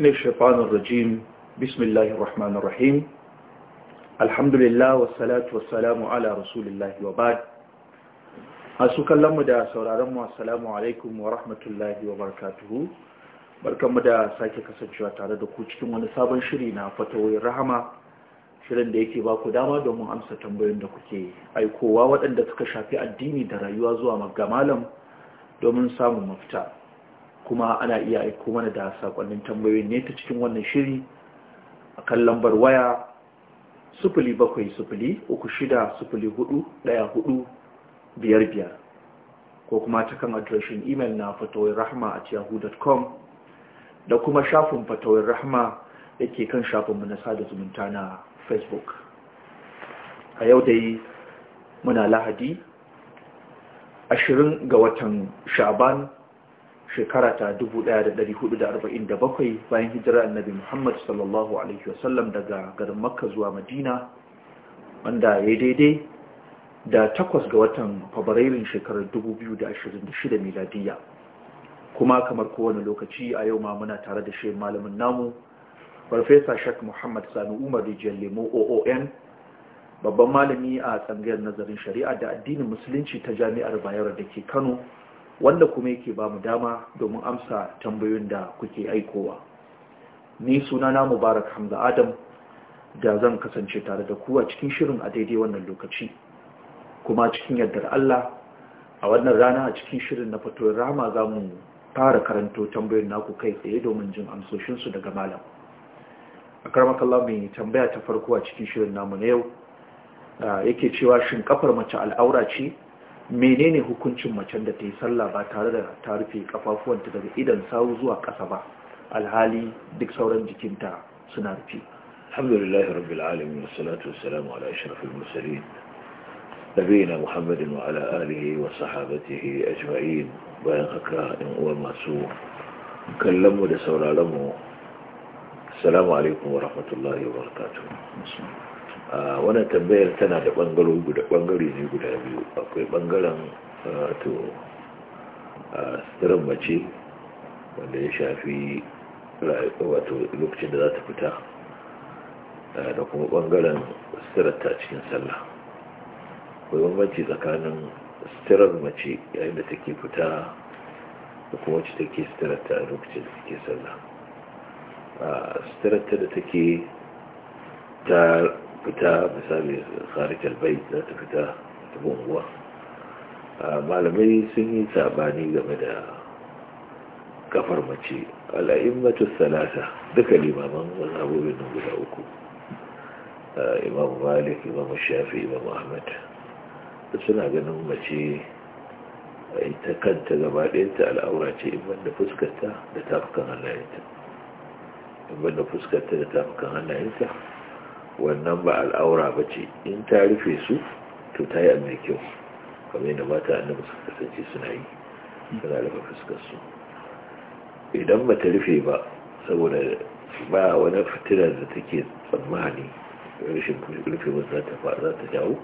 من الشيطان الرجيم بسم الله الرحمن الرحيم الحمد لله والصلاة والسلام على رسول الله وبعد أسوك الله مدى سورارم والسلام عليكم ورحمة الله وبركاته barkan mu da sake kasancewa tare da ku cikin wani sabon shiri na fatawoyin rahama shirin da yake baku dama domin amsa tambayoyin da kuke aikowa waɗanda suka shafi addini da rayuwa zuwa ga malam domin samun mafita kuma ana iya aiko mana da sakonnin tambayoyin ne ta cikin wannan shiri a kan lambar waya sufuli bakwai sufuli uku shida sufuli hudu daya hudu biyar biyar ko kuma ta kan adireshin imel na fatawar rahama a yahoo.com da kuma shafin fatawar rahama da ke kan shafinmu na sada zumunta na facebook a yau dai muna lahadi ashirin ga watan sha'ban shekara ta 1447 bayan hijira annabi Muhammad sallallahu alaihi wasallam daga garin Makka zuwa Madina wanda ya daidai da takwas ga watan Fabrairun shekarar 2026 miladiya kuma kamar kowane lokaci a yau ma muna tare da shi malamin namu Farfesa Sheikh Muhammad Sani Umar Rijiyar Lemo OON babban malami a tsangayar nazarin shari'a da addinin musulunci ta jami'ar Bayero da ke Kano wanda kuma yake ba mu dama domin amsa tambayoyin da kuke aikowa ni sunana mubarak hamza adam da zan kasance tare da kuwa cikin shirin a daidai wannan lokaci kuma cikin yardar Allah a wannan rana a cikin shirin na fatoyin rama za mu fara karanto tambayoyin naku kai tsaye domin jin amsoshinsu daga malam a karmakalla mai tambaya ta farko a cikin shirin namu na yau ah, yake cewa shin kafar mace al'aura ce menene hukuncin macen da ta yi sallah ba tare da ta rufe kafafuwanta daga idan sawu zuwa ƙasa ba alhali duk sauran jikinta suna rufe alhamdulillah rabbil alamin wassalatu wassalamu ala ashrafil mursalin nabiyina muhammadin wa ala alihi wa sahabatihi ajma'in bayan haka in uwa masu kallon mu da sauraron mu assalamu alaikum wa rahmatullahi wa barakatuh wannan tambayar tana da bangaro guda bangare ne guda biyu akwai bangaren to sitirin mace wanda ya shafi wato lokacin da za ta fita da kuma bangaren sitirarta cikin sallah akwai bambanci tsakanin sitirar mace yayin da take fita da kuma wacce take sitirarta a lokacin da take sallah sitirarta da take ta fita misali kharijar bai za ta fita ta bunguwa malamai sun yi sabani game da kafar mace al'a'immatu salasa duka limaman mazhabobin nan guda uku imam malik imam shafi imam ahmad suna ganin mace ita kanta gaba ɗayanta al'aura ce in banda fuskarta da tafukan hannayenta in banda fuskarta da tafukan hannayenta wannan ba al'aura ba ce in ta rufe su to ta yi mai kyau kamar yadda mata annabi suka kasance suna yi suna rufe fuskarsu idan ba ta rufe ba saboda ba wani fitilar da take tsammani rashin rufe ba za ta jawo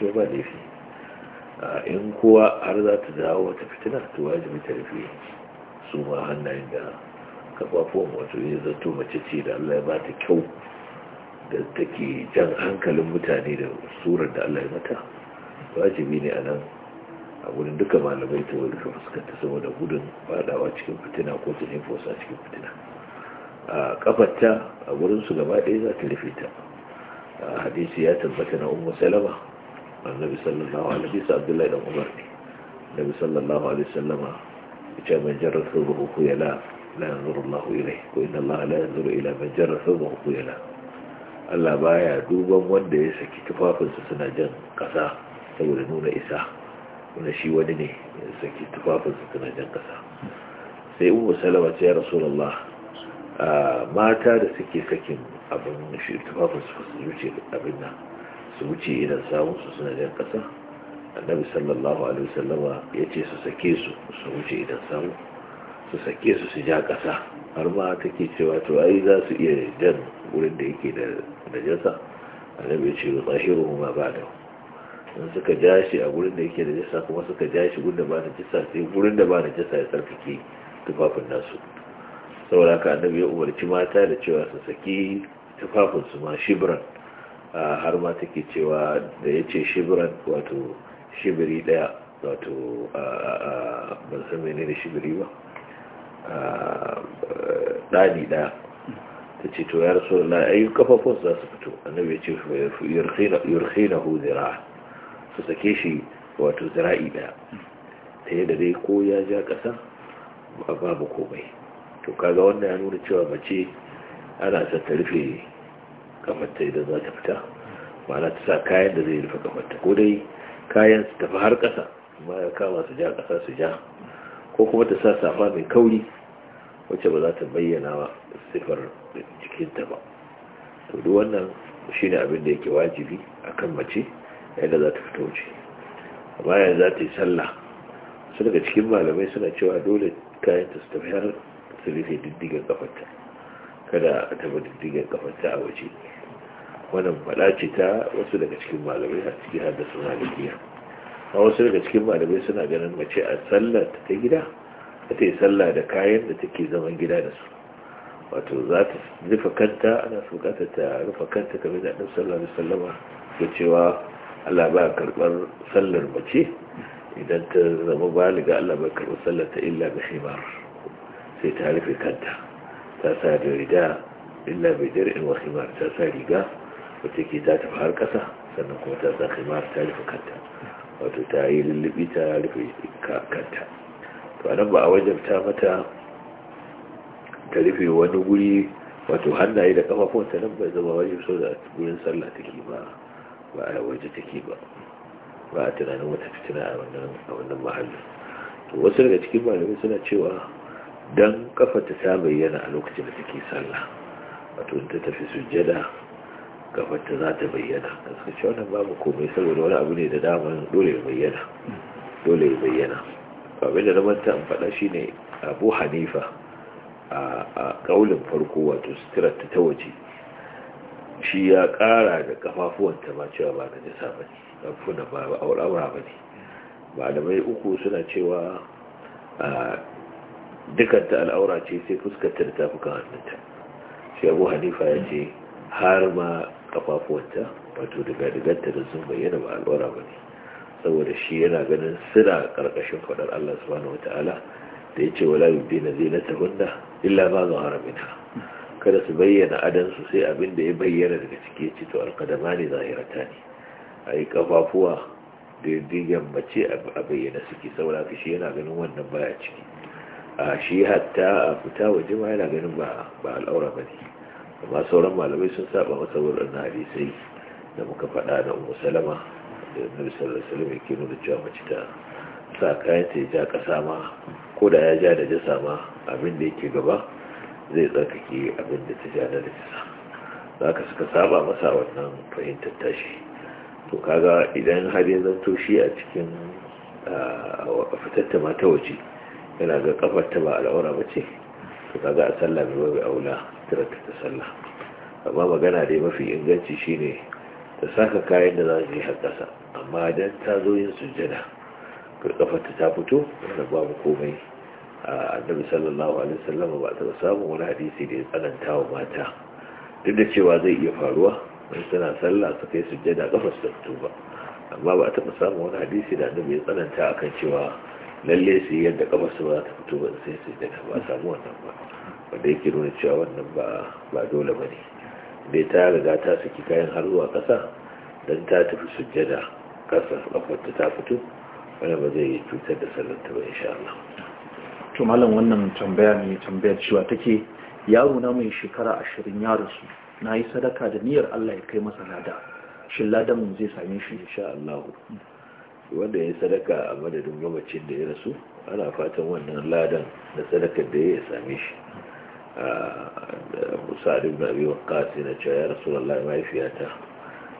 sai ba laifi in kowa har za ta jawo wata fitina to wajibi ta rufe su ma hannayen da kafafuwan wato ya zato mace ce da allah ya ba ta kyau da take jan hankalin mutane da surar da Allah ya mata wajibi ne a nan a wurin duka malamai ta wani duka fuskanta saboda gudun fadawa cikin fitina ko ta ne a cikin fitina a kafarta a wurin su gaba ɗaya za ta rufe ta a hadisi ya tabbata na umar salama annabi sallallahu alaihi wasallam abdullahi dan umar ne annabi sallallahu alaihi wasallam ya ce man jarra thawbahu khuyala la yanzuru Allahu ilayhi ko inna Allah la yanzuru ila man jarra thawbahu khuyala Allah baya duban wanda ya saki tufafinsa suna jan ƙasa saboda nuna isa wanda shi wani ne ya saki tufafinsa suna jan ƙasa sai umu salama ce ya rasulallah mata da suke sakin abin shi tufafinsu su wuce abin nan su wuce idan samunsu suna jan ƙasa annabi sallallahu alaihi wasallama ya ce su sake su su wuce idan samu su sake su su ja kasa har ma take cewa to ai za su iya jan wurin da yake da najasa bai ce wa tsahiru ma ba da in suka ja shi a wurin da yake da najasa kuma suka ja shi wurin da ba najasa sai wurin da ba najasa ya tsarkake tufafin nasu saboda haka annabi bai umarci mata da cewa su saki tufafin su ma shibiran har ma take cewa da ya ce shibiran wato shibiri daya wato ban san menene shibiri ba ɗani ɗaya ta ce to ya rasu da ayyu kafafun za su fito annabi ya ce na hu zira su sake shi wato zira'i ɗaya ta yadda dai ko ya ja ƙasa ba babu komai to kaga wannan ya nuna cewa mace ana son ta rufe kamarta idan za ta fita ma'ana ta sa kayan da zai rufe kamarta ko dai kayan su tafi har ƙasa amma ya kama su ja ƙasa su ja ko kuma ta sa safa mai kauri wacce ba za ta bayyana sifar jikinta ba to duk wannan shine abin da yake wajibi akan mace yadda za ta fito wuce amma yanzu za ta yi sallah su daga cikin malamai suna cewa dole kayan ta su tafi har su rufe diddigan kafarta kada a taba diddigan kafarta a waje wannan faɗa ce ta wasu daga cikin malamai a ciki har da su malikiya a wasu daga cikin malamai suna ganin mace a sallar ta gida ta yi sallah da kayan da take zaman gida da su wato za ta rufe kanta ana bukatar ta rufe kanta kamar da ɗan sallah da sallama da cewa allah ba karɓar sallar mace idan ta zama baliga allah ba karɓar sallar ta illa da himar sai ta rufe kanta ta sa da rida illa bai jir'in wa himar ta sa riga wata ke ta tafi har ƙasa sannan kuma ta sa himar ta rufe kanta wato ta yi lullubi ta rufe kanta anan ba a wajabta mata ta rufe wani guri wato hannaye da ta nan bai zama wajen so da wurin sallah take ba ba a waje take ba ba a tunanin wata fitina a wannan mahallin to wasu daga cikin malami suna cewa dan kafa ta bayyana a lokacin da take sallah wato in ta tafi sujjada kafar za ta bayyana da suka wannan babu komai saboda wani abu ne da dama dole ya bayyana dole ya bayyana babu da zamanta in faɗa shi ne abu hanifa a ƙaunin farko wato sitirar ta waje shi ya ƙara da kafafuwanta ma cewa ba da nisa ba ne ƙafuna ba ba ne ba ne malamai uku suna cewa ta al'aura ce sai fuskanta da tafukan hannunta shi abu hanifa ya ce har ma ƙafafuwanta wato daga diganta da sun bayyana ba al'aura ba ne saboda shi yana ganin suna karkashin faɗar Allah subhanahu ta'ala da na zai na zinatahunna illa ma zahara minha kada su bayyana adon su sai abin da ya bayyana daga ciki ya ce to ne a ai kafafuwa da digan mace a bayyana suke saboda shi yana ganin wannan baya ciki a shi hatta a fita waje ma yana ganin ba ba al'aura amma sauran malamai sun saba masa wurin hadisai da muka faɗa na umu Salama da nabi sallallahu alaihi wasallam yake nuna cewa mace ta sa kayan ta ja kasa ma ko da ya ja da jasa ma abin da yake gaba zai tsarkake abin da ta ja da jasa za ka suka saba masa wannan fahimtar tashi to kaga idan har ya zanto shi a cikin fitar ta mata waje yana ga kafar ta ba al'aura ba ce to kaga a sallah mai wabi aula tirarta ta sallah amma magana dai mafi inganci shine ta saka kayan da za su yi har ƙasa amma idan ta zo yin sujjada ka kafarta ta fito wanda babu komai a annabi sallallahu alaihi wasallam ba ta samun wani hadisi da ya tsananta wa mata duk da cewa zai iya faruwa in suna sallah su kai sujjada kafar su fito ba amma ba a samu samun wani hadisi da annabi ya tsananta akan cewa lalle su yi yadda kafar su ba ta fito ba sai sujjada ba samu wannan ba wanda yake nuna cewa wannan ba ba dole ba ne dai ta riga ta saki kayan har zuwa kasa don ta tafi sujjada kasar kafarta ta fito wani ba zai cutar da sallarta ba insha Allah to malam wannan tambaya ne tambayar cewa take yaro na mai shekara ashirin ya rasu na yi sadaka da niyyar Allah ya kai masa lada shin ladan mu zai same shi insha Allah wanda ya yi sadaka a madadin mamacin da ya rasu ana fatan wannan ladan da sadakar da ya same shi ah, a musa na biyu kasi na cewa ya rasu rasulullahi mahaifiyata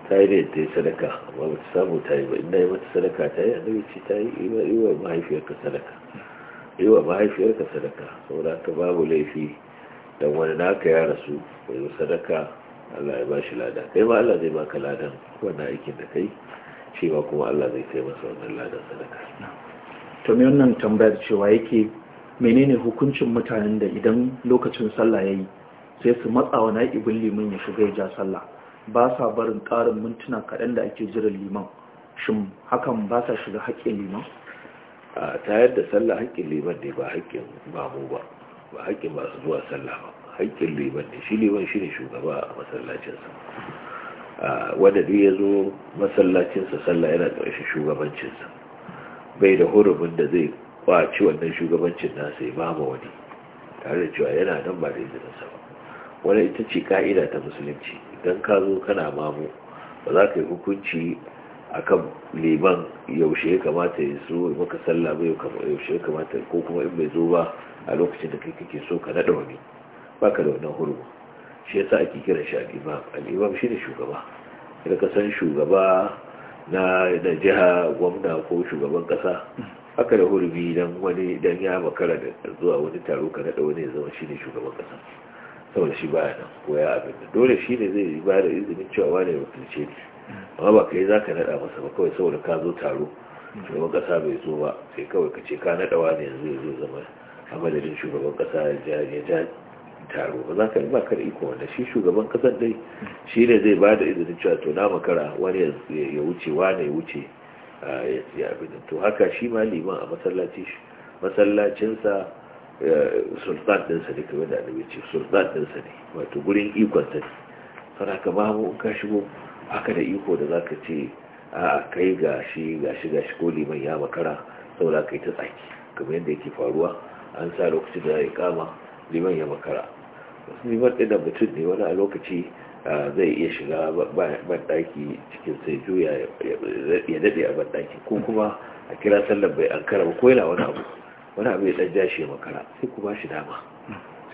ta yi da ta yi sadaka ba ba ta samu ta yi ba inda yi mata sadaka ta yi annabi ce ta yi yi wa mahaifiyarka sadaka yi wa mahaifiyarka sadaka saboda haka babu laifi dan wani naka ya rasu bai sadaka Allah ya ba shi lada kai ma Allah zai baka ladan wannan aikin da kai shi ma kuma Allah zai kai masa wannan ladan sadaka to me wannan tambayar cewa yake menene hukuncin mutanen da idan lokacin sallah yayi sai su matsa wa na'ibin limin ya shiga ya ja sallah ba sa barin ƙarin mintuna kaɗan da ake jiran liman shin hakan ba sa shiga haƙƙin liman a ta yadda sallah haƙƙin liman ne ba haƙƙin mamu ba ba haƙƙin masu zuwa sallah ba haƙƙin liman ne shi liman shi ne shugaba a masallacinsa wanda duk ya zo masallacinsa sallah yana ƙarshen shugabancinsa bai da hurumin da zai kwaci wannan shugabancin nasa ya ba wani tare da cewa yana nan ba da izininsa ba wani ita ce ka'ida ta musulunci idan ka zo kana mamu ba za ka yi hukunci a kan liman yaushe ya kamata ya so maka sallah ba yaushe ya kamata ko kuma in mai zo ba a lokacin da kai kake so ka naɗa wani ba ka da wannan hurma shi yasa ake kiran shi al'imam al'imam shi ne shugaba idan ka san shugaba na na jiha gwamna ko shugaban kasa haka da hurbi don wani dan ya makara da zuwa wani taro ka naɗa wani ya zama shi ne shugaban kasa saboda shi baya nan ko ya abin da dole shi ne zai yi ba da izinin cewa wane ya wakilce amma ba kai za ka naɗa masa ba kawai saboda ka zo taro shugaban ƙasa bai zo ba sai kawai ka ce ka naɗa wane yanzu ya zo zama a madadin shugaban ƙasa ya ja taro ba za ka yi bakar iko wanda shi shugaban ƙasa dai shi ne zai ba da izinin cewa to na makara wani ya wuce wane ya wuce ya abin to haka shi ma liman a masallacinsa sultan ɗinsa ne kamar da annabi ce sultan ɗinsa ne wato gurin ta ne sana ka ba mu ka shigo haka da iko da za ka ce a kai gashi gashi gashi ko liman ya makara saboda kai ta tsaki kamar yadda yake faruwa an sa lokacin da ya kama liman ya makara liman ɗin da mutum ne wani a lokaci zai iya shiga banɗaki cikin sai juya ya daɗe a banɗaki ko kuma a kira sallar bai an ba ko yana wani abu wani abu ya dan jashe makara sai ku ba shi dama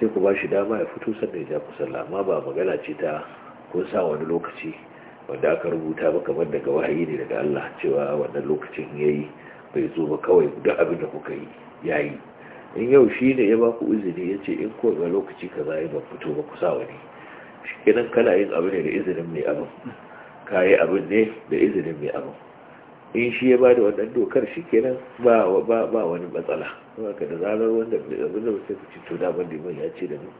sai ku ba shi dama ya fito sannan ya ja ku amma ba magana ce ta kun sa wani lokaci wanda aka rubuta ba kamar daga wahayi ne daga Allah cewa wannan lokacin ya yi bai zo ba kawai duk abin da kuka yi ya yi in yau shi ne ya baku izini ya ce in kowa lokaci ka za ba fito ba ku sa wani shi kenan kana yin abu ne da izinin mai abin ka yi abin ne da izinin mai abin in shi ya ba da wannan dokar shi kenan ba wani matsala ka da zarar wanda abin da mutum ci to daban ban dimon ya ce da mu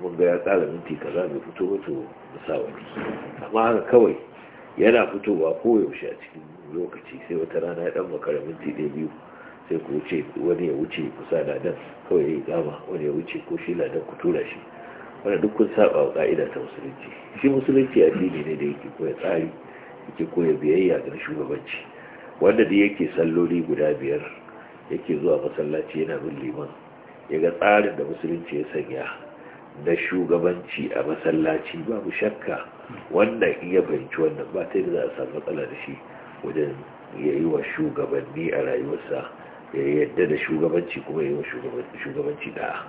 mun ga ya tsara minti kaza mai fito wato musa wani amma haka kawai yana fitowa koyaushe a cikin lokaci sai wata rana ya dan makara minti ɗaya biyu sai ku wuce wani ya wuce kusa da dan kawai ya yi gama wani ya wuce ko shi ladan ku tura shi wanda duk kun saba wa ka'ida ta musulunci shi musulunci addini ne da yake koya tsari yake koya biyayya ga shugabanci wanda da yake salloli guda biyar yake zuwa masallaci yana bin liman ya ga tsarin da musulunci ya sanya na shugabanci a masallaci babu shakka wanda iya fahimci wannan ba ta yi za a samu matsala da shi wajen ya yi wa shugabanni a rayuwarsa ya yadda da shugabanci kuma ya yi wa shugabanci da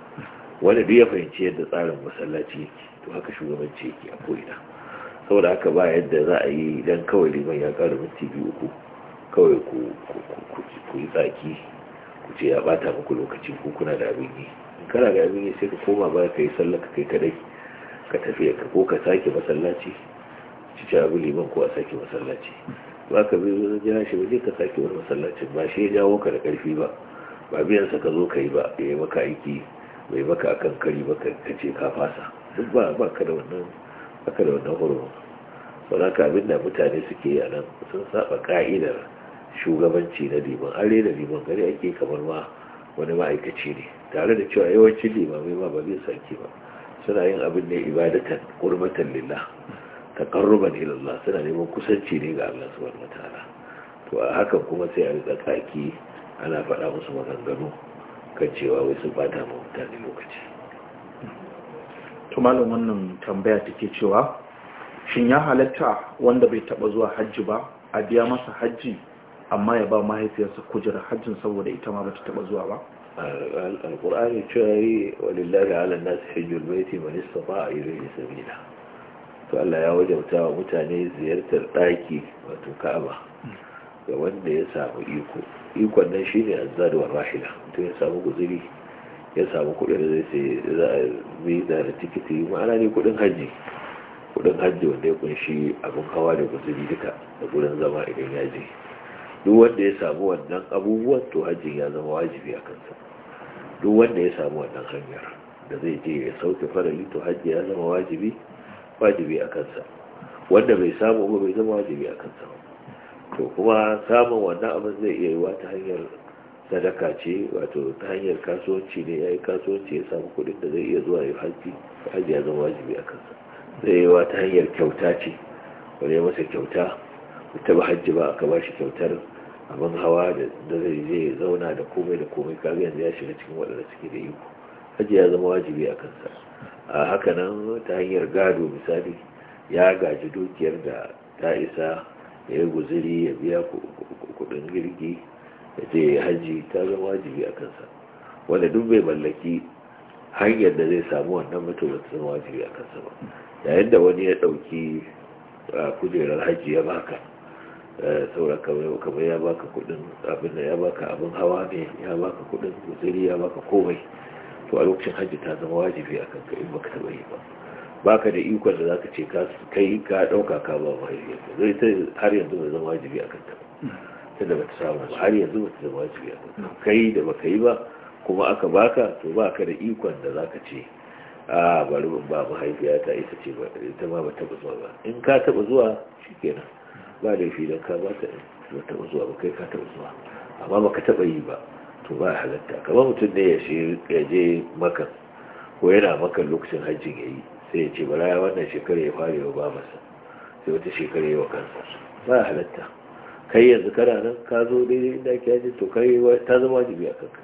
wanda duk ya fahimci yadda tsarin masallaci to haka shugabanci yake a ko'ina saboda haka ba yadda za a yi idan kawai liman ya ƙara minti biyu uku kawai ku yi tsaki ku ce ya bata muku lokacin ku kuna da abin yi in kana da abin yi sai ka koma ba ka yi sallah ka kai kadai ka tafi ka ko ka sake masallaci ci abu liman ko a sake masallaci ba ka bi wani jira shi ka sake wani masallaci ba shi ya jawo ka da karfi ba ba biyan sa ka zo ka yi ba ya yi maka aiki bai maka akan kari ba ka ce ka fasa duk ba ba ka da wannan ba ka da wannan ka abin da mutane suke yi a nan sun saba ka'idar shugabanci na liman an rena liman gari ake kamar ma wani ma'aikaci ne tare da cewa yawancin limamai ma ba zai sake ba suna yin abin ne ibadatan kurmatan lillah ta ila Allah suna neman kusanci ne ga Allah subhanahu wataala to a hakan kuma sai a rika kaki ana faɗa musu maganganu kan cewa wai sun bata ma mutane lokaci wannan tambaya take cewa shin ya halatta wanda bai taba zuwa hajji ba a biya masa hajji amma ya ba mahaifiyarsa kujerar hajjin saboda ita ma bata taba zuwa ba Alƙur'ani cewa yi walillahi ala nas hajjul baiti man istata'a ilayhi sabila to Allah ya wajauta wa mutane ziyartar daki wato Ka'aba ga wanda ya samu iko ikon nan shine azzad wa rahila to ya samu guzuri ya samu kudin zai sai za a bi da ne kudin hajji kudin hajji wanda ya kunshi abin hawa da guzuri duka da gurin zama idan ya je duk wanda ya samu wannan abubuwan to hajji ya zama wajibi a kansa duk wanda ya samu wannan hanyar da zai je ya sauke farali to hajji ya zama wajibi wajibi a kansa wanda bai samu ba bai zama wajibi a kansa to kuma samun wannan abin zai iya yiwa ta hanyar sadaka ce wato ta hanyar kasuwanci ne ya yi kasuwanci ya samu kuɗin da zai iya zuwa ya hajji hajji ya zama wajibi a kansa zai yiwa ta hanyar kyauta ce wani ya masa kyauta ba hajji ba aka ba shi kyautar abin hawa da zai zai zauna da komai da komai kaga yanzu ya shiga cikin waɗanda suke da yi hajji ya zama wajibi a kansa a haka nan ta hanyar gado misali ya gaji dukiyar da ta isa ya yi guziri ya biya kuɗin girgi ya ce hajji ta zama wajibi a kansa wanda duk bai mallaki hanyar da zai samu wannan mutum ta zama wajibi a kansa ba yayin da wani ya ɗauki kujerar hajji ya baka Eh, saura kamar ya baka kudin abin da ya baka abin hawa ne ya baka kudin guziri ya baka komai to a lokacin hajji ta zama wajibi a kanka in baka taba yi ba baka da ikon da zaka ce ka kai ka dauka ka ba yi zai ta har yanzu bai zama wajibi a kanka hmm. tunda bata samu ba har yanzu bata zama wajibi a kanka hmm. kai da baka yi ba kuma aka baka to baka da ikon da zaka ce a bari ba mahaifiyata ita ce ba ita ma ba taba zuwa ba in ka taba zuwa shikenan ba da fi don ka ba ta taɓa zuwa ba kai ka taɓa zuwa amma ba ka taɓa yi ba to ba halatta kamar mutum ne ya je maka ko yana maka lokacin hajjin ya yi sai ya ce bara ya wannan shekara ya fara yau ba masa sai wata shekara yawa kansa ba halatta kai yanzu kana nan ka zo daidai inda ake hajji to kai ta zama wajibi a kanka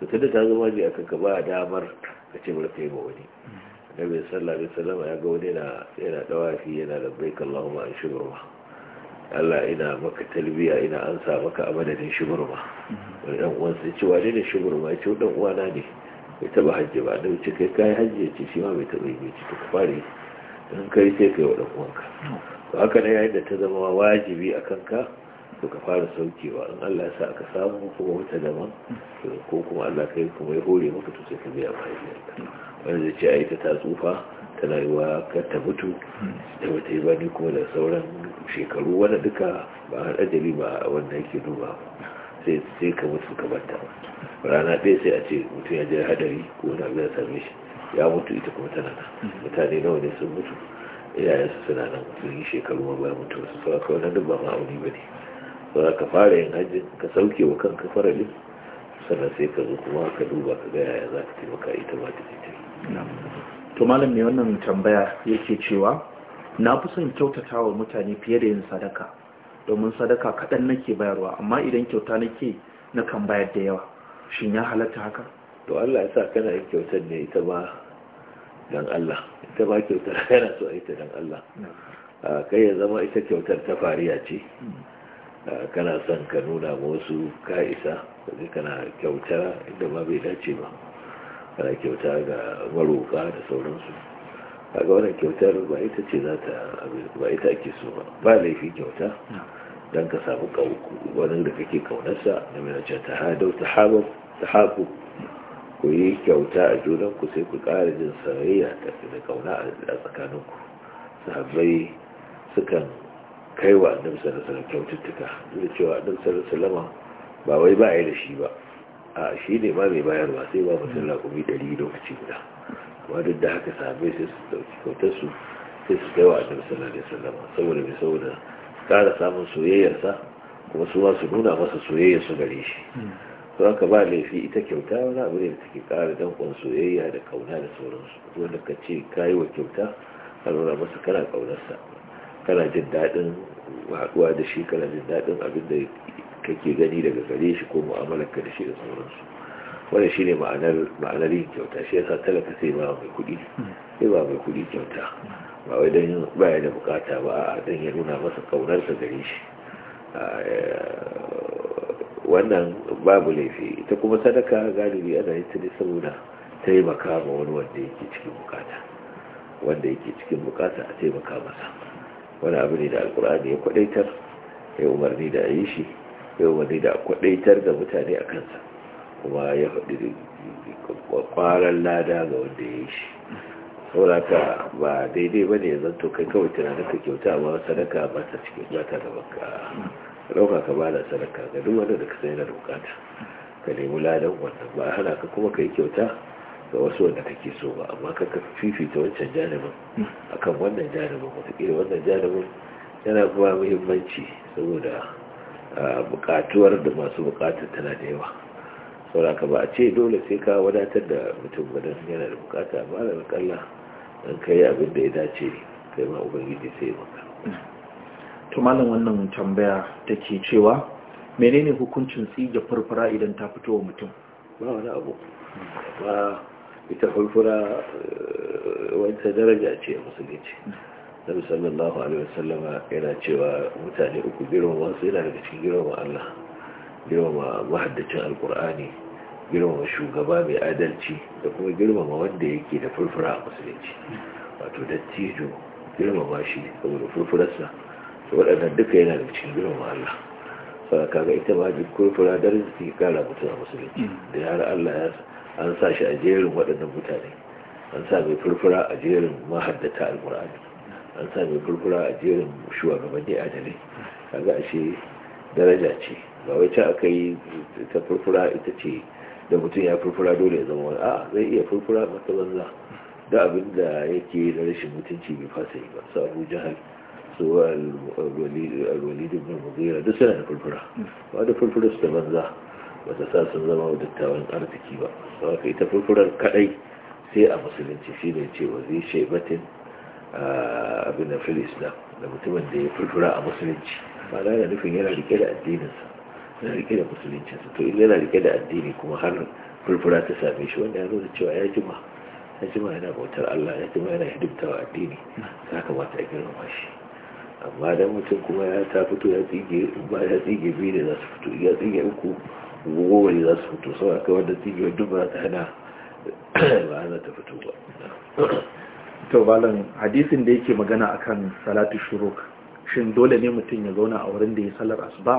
to tunda ta zama wajibi a kanka ba damar ka ce bari kai yi ma wani nabi sallallahu alaihi wasallam ya ga wani yana yana dawafi yana labbaik Allahumma an shukru Allah ina maka talbiya ina an sa maka a madadin shuburma wani dan uwan sai ce wane ne shuburma ya ce dan uwana ne bai taba hajji ba da wuce kai kai hajji ya ce shi ma bai taba yi ce ka fari. in kai sai kai wa dan uwanka to haka na yayin da ta zama wajibi a kanka to ka fara saukewa in Allah ya sa aka samu kuma wata daban ko kuma Allah kai kuma ya hore maka to sai ka biya mahaifiyarka wanda zai ce a yi ta tsufa ta rayuwa kar ta mutu da wata yi bani kuma da sauran shekaru wanda duka ba a ajali ba wanda yake duba sai sai ka mutu ka banta rana ɗaya sai a ce mutum ya jira hadari ko wani abu ya same shi ya mutu ita kuma tana nan mutane nawa ne sun mutu iyayensu suna nan sun yi shekaru ma ba mutu su sauran kawai nan duk ba ma'auni ba ne sauran ka fara yin hajji ka sauke wa kanka faralin sannan sai ka zo kuma ka duba ka ga yaya za ka taimaka ita ma ta ce to malam ne wannan tambaya yake cewa na fi son kyautata wa mutane fiye da yin sadaka domin sadaka kaɗan nake bayarwa amma idan kyauta nake na kan bayar da yawa shin ya halatta haka to Allah ya sa kana yin kyautar ne ita ba dan Allah ita ba kyautar yana so ita dan Allah hmm. kai ya zama ita kyautar ta fariya ce hmm. kana son ka nuna wasu ka isa kana kyautar inda ba bai dace ba ana kyauta ga maroka da sauransu a ga wannan kyautar ba ita ce za ta ba ita ake so ba ba laifi kyauta don ka samu wani da kake kaunarsa da mai nace ta hadau ta haku ku yi kyauta a junanku sai ku ƙara jin sarayya da kauna a tsakaninku sahabbai sukan kai wa annabi sallallahu alaihi wasallam kyaututtuka duk da cewa annabi sallallahu alaihi wasallam ba wai ba yi da shi ba a shi ne ma mai bayarwa sai ba mutum rakumi ɗari lokaci guda kuma duk da haka sahabai sai su dauki kautarsu sai su kai wa annabi sallallahu alaihi wasallam saboda mai saboda kara samun soyayyarsa kuma su ma su nuna masa soyayya su gare shi to haka ba laifi ita kyauta wani abu ne da take kara dankon soyayya da kauna da sauransu wanda ka ce ka yi wa kyauta ka nuna masa kana kaunarsa kana jin daɗin haɗuwa da shi kana jin daɗin abin da kake gani daga gare shi ko ka da shi da sauransu wanda shine ma'anar ma'anar yin kyauta shi yasa talaka sai ba mai kuɗi sai ba mai kuɗi kyauta ba wai dan baya da bukata ba a dan ya nuna masa kaunarsa gare shi wannan babu laifi ita kuma sadaka galibi ana yi ta ne saboda taimaka ma wani wanda yake cikin bukata wanda yake cikin bukata a taimaka masa wani abu ne da alkur'ani ya kwadaitar ya umarni da a yi shi yau wani da kwadaitar da mutane a kansa kuma ya faɗi kwakwaran lada ga wanda ya yi shi sauraka ba daidai ba ne zanto kai kawai tunanin ka kyauta ba sadaka ba ta cikin bata da baka ɗauka ka ba da sadaka ga duk wanda da ka sai da bukata ka nemi ladan wannan ba hana ka kuma ka yi kyauta ga wasu wanda kake so ba amma ka ka fifita wancan jarumin akan wannan jarumin wataƙila wannan jarumin yana kuma muhimmanci saboda bukatuwar da masu bukatar tana da yawa sau da ka ba a ce dole sai ka wadatar da mutum gudun yana da bukata ba da kalla don ka yi abin da ya dace kai ma ubangiji sai maka to wannan tambaya ta ke cewa menene hukuncin da furfura idan ta fito wa mutum ba wani abu ba ita furfura eh, wata daraja ce a musulunci nabi sallallahu alaihi wasallam yana cewa mutane uku girmama wasu yana daga cikin girmama Allah girmama mahaddacin alkur'ani girmama shugaba mai adalci da kuma girmama wanda yake da furfura a musulunci wato dattijo girmama shi saboda furfurarsa su waɗannan duka yana daga cikin girmama Allah sau kaga ita ma duk furfura da rizki kara mutum a musulunci mm. da yara Allah ya an sa shi a jerin waɗannan mutane an sa mai furfura a jerin mahaddata alkur'ani an sami kurkura a jerin shugabanni a kaga shi daraja ce ba wai ta aka yi ta furfura ita ce da mutum ya furfura dole ya zama wani a zai iya furfura mata banza da abin da yake da rashin mutunci bai fasa yi ba su abu jihar su alwalidin bin duk suna da furfura ba da furfura su da banza ba ta sa sun zama dattawan arziki ba sau aka yi ta furfurar kadai sai a musulunci shi ne ce wa zai shaibatin abin da fil da mutumin da ya furfura a musulunci ba na nufin yana rike da addininsa yana rike da musuluncinsa to yana rike da addini kuma har furfura ta same shi wanda ya zo da cewa ya jima ya jima yana bautar Allah ya jima yana hidimtawa addini ya kamata a girmama shi amma dan mutum kuma ya ta fito ya tsige ba ya tsige biyu ne za su fito ya tsige uku goma ne za su fito sau aka wanda tsige duk ba ta hana ba za ta fito ba to balan hadisin da yake magana akan salatu shuruk shin dole ne mutum ya zauna a wurin da ya sallar asuba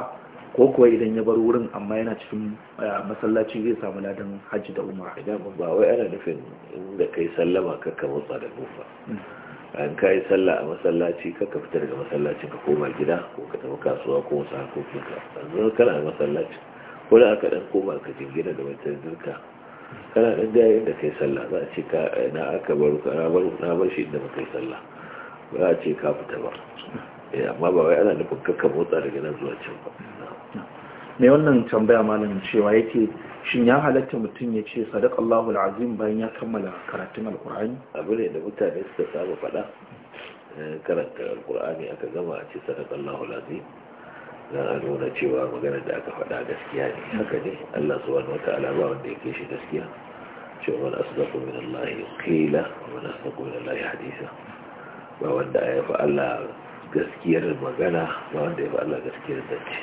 ko kuwa idan ya bar wurin amma yana cikin eh, masallaci zai samu ladan hajji da umar idan ba wai ana nufin inda kai sallama ka ka motsa da kofa mm. an ka yi sallah a masallaci ka ka fita daga masallacin ka koma gida ko ka tafi kasuwa ko wasu harkokin ka yanzu kana a masallaci ko da aka dan koma ka jingina da wata zirka kana ɗan gaya inda kai sallah za a ce ka na aka bar na bar shi inda kai sallah ba a ce ka fita ba eh, amma ba wai ana nufin kakka motsa daga nan zuwa can ba me wannan tambaya malam cewa yake shin ya halatta mutum ya ce sadaqallahu alazim bayan ya kammala karatun alqur'ani abu ne da mutane suka saba faɗa eh, karanta alqur'ani aka gama a ce sadaqallahu alazim na nuna cewa magana da aka faɗa gaskiya ne haka ne Allah subhanahu wataala alama wanda yake shi gaskiya cewa man asdaqu min Allah qila wa man asdaqu min Allah hadisa ba wanda ya fa Allah gaskiyar magana ba wanda ya fa Allah gaskiyar zance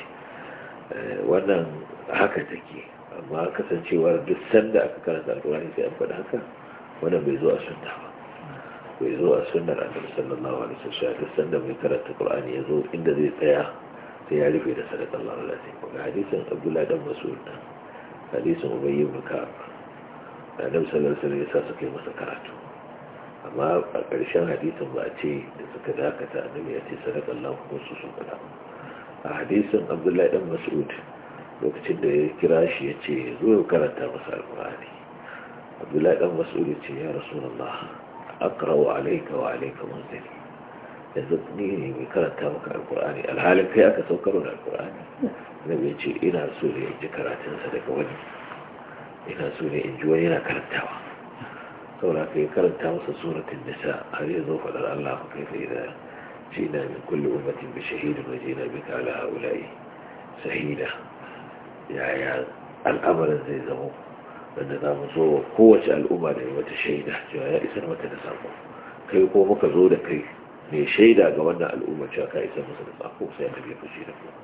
eh, wannan haka take amma kasancewar duk sanda aka karanta alkurani sai an faɗa haka wannan bai zo a sunna ba bai zo a sunnar annabi sallallahu alaihi wasallam duk sanda mai karanta alkurani ya zo inda zai tsaya sai ya rufe da sadakar Allah sai kuma hadisin Abdullah dan Mas'ud hadisin Ubay ibn Ka'ab da dan sallallahu alaihi wasallam suka yi masa karatu amma a ƙarshen hadisin ba a ce da suka dakata annabi ya ce sadakar Allah ko su su kula a hadisin Abdullah dan Mas'ud lokacin da ya kira shi ya ce zo ya karanta masa alƙur'ani Abdullah dan Mas'ud ya ce ya rasu Rasulullah aqra'u alayka wa alayka munzili da duk ne mai karanta maka alkur'ani alhalin kai aka saukaro da alkur'ani na ya ce ina so ne in ji karatunsa daga wani ina so ne in ji wani yana karantawa saboda ka yi karanta masa suratun nisa har yanzu faɗar allah kai sai da shi na min kulle ummatin bi shahidin waje na bi kala haula'i sahila yaya al'amarin zai zamo wanda za mu zo kowace al'umma da wata shaida cewa ya isar mata da sako kai ko muka zo da kai mai shaida ga wannan al'umma cewa ka isa masa da tsako sai ya ya fushi da kuma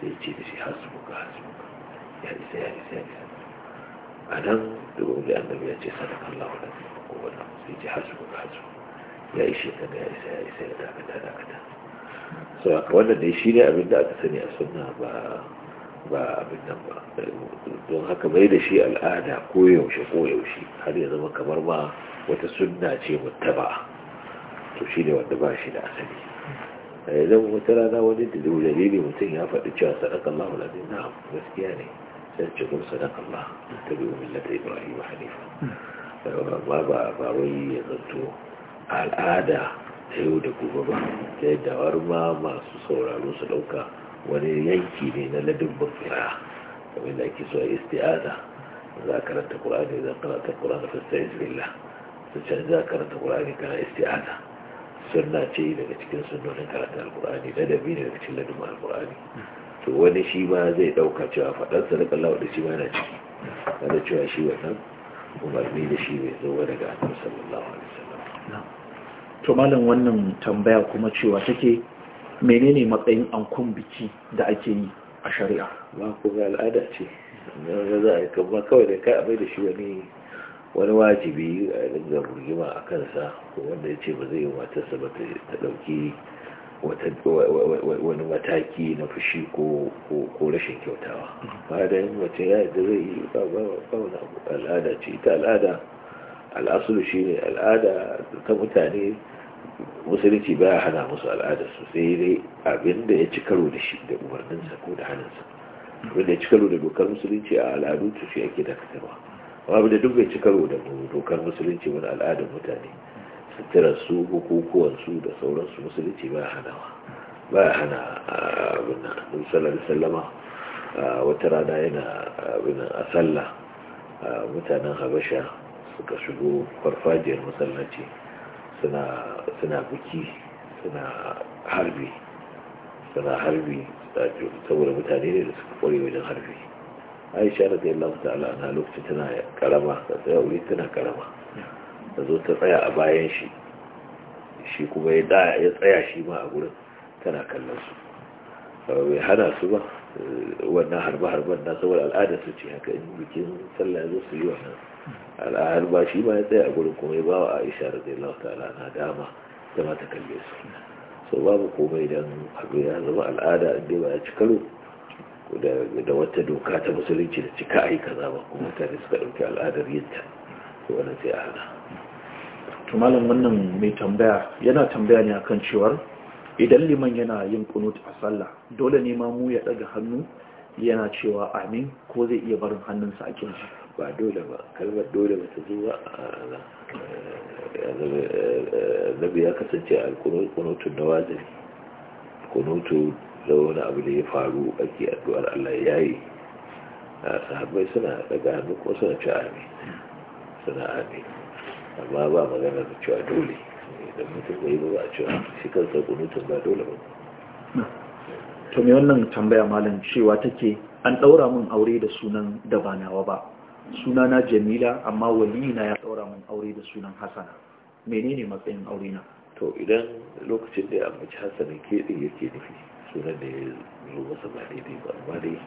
sai ce da shi hasbuka hasbuka ya isa ya isa ya isa a nan da wani annabi ya ce sadaka Allah wa ta ko wannan sai ce hasbuka hasbuka ya ishe ka ya isa ya isa ya dakata dakata sau haka wannan dai shi ne da aka sani a sunna ba ba abin nan ba don haka mai da shi al'ada ko yaushe ko yaushe har ya zama kamar ma wata sunna ce muttaba to shi ne wanda ba shi da asali a eh, yanzu wata rana wani da dalili mutum ya faɗi cewa sadaka Allah na zai na'am gaskiya ne sai ce kun sadaka Allah ta bi millata Ibrahim Hanifa ba ba ba wai ya zanto al'ada ta yau da gobe ba ta yadda har ma masu sauraro su ɗauka wani yanki ne na ladin bakira kamar da ake so a isti'aza za a karanta ƙura'ani za a karanta ƙura'ani fasta isbillah su can za a karanta ƙura'ani kana isti'aza sannan ce daga cikin sunnonin karatun alkur'ani da ne daga cikin ladabin alkur'ani to wani shi ma zai dauka cewa faɗansa na kallawa da shi ma yana ciki wanda cewa shi wannan umarni da shi mai zuwa daga annabi sallallahu alaihi wasallam to malam wannan tambaya kuma cewa take menene matsayin ankon biki da ake yi a shari'a ba ku ga al'ada ce za a yi kawai da kai a bai da shi wani wani wajibi a dinga burgima a kansa wanda ya ce ba zai yi matarsa ba ta ɗauki wani mataki na fushi ko rashin kyautawa ba da yin mace ya yadda zai yi ba wani al'ada ce ita al'ada al'asulu shi ne al'ada ta mutane musulunci ba hana musu al'ada su sai dai abinda ya ci karo da shi da umarninsa ko da hannunsa abinda ya ci karo da dokar musulunci a al'adu to shi ake dakatarwa babu da duk bai ci karo da dokar musulunci wani al'adar mutane su hukukuwan su da sauransu musulunci ba wa ba hana abin da musallar sallama wata rana yana abin a sallah mutanen habasha suka shigo farfajiyar musallaci suna buki suna harbi suna harbi saboda mutane ne da suka kware wajen harbi aisha da radiyallahu ta'ala na lokaci tana karama da tsaya wuri tana karama da zo ta tsaya a bayan shi shi kuma ya tsaya shi ma a gurin tana kallon su bai hana su ba wannan harbe-harben na saboda al'ada su ce haka in bikin sallah zo su yi wannan al'ahar ba shi ma ya tsaya a gurin kuma ya ba wa aisha da radiyallahu ta'ala na dama ta ma ta kalle su so babu komai don abu ya zama al'ada inda ba ya ci karo da wata doka ta musulunci da cika aika za ba kuma mutane suka ɗauki al'adar yinta ko wani sai a hana to wannan mai tambaya yana tambaya ne akan cewar idan liman yana yin kunut a sallah dole ne ma mu ya daga hannu yana cewa amin ko zai iya barin hannunsa a kirji ba dole ba kalmar dole ba ta zuwa a zabi ya kasance a kunutun na wazari kunutun da wani abu da ya faru ake addu'ar Allah ya yi sahabbai suna daga hannu ko suna ci ami suna ami amma ba magana da cewa dole idan mutum bai ba a cewa shi kansa kunutun ba dole ba to me wannan tambaya malam cewa take an ɗaura min aure da sunan da ba nawa ba na jamila amma na ya ɗaura min aure da sunan hasana menene matsayin aure na to idan lokacin da ya ambaci hasana ke yake nufi sunan da ya zo masa ba daidai ba amma dai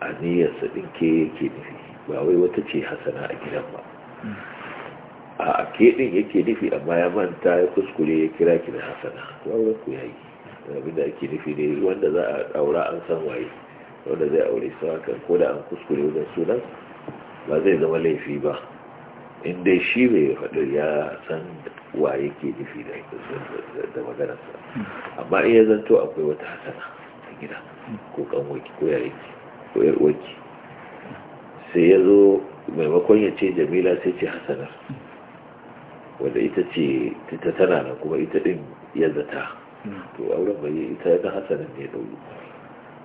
a aniyarsa ke yake nufi ba wai wata ce hasana a gidan ba a ke ɗin yake nufi amma ya manta ya kuskure ya kira ki da hasana ya ku yayi abin da ake nufi ne wanda za a aura an san waye wanda zai aure sa kan ko da an kuskure wajen sunan ba zai zama laifi ba inda shi mai faɗi ya san wa yake nufi da maganarsa amma in ya zanto akwai wata hasana a gida ko kanwaki ko yayinki ko yarwaki sai ya zo maimakon ya ce jamila sai ce hasanar wanda ita ce ta tana nan kuma ita ɗin ya zata to auren bai ita na hasanar ne ɗauru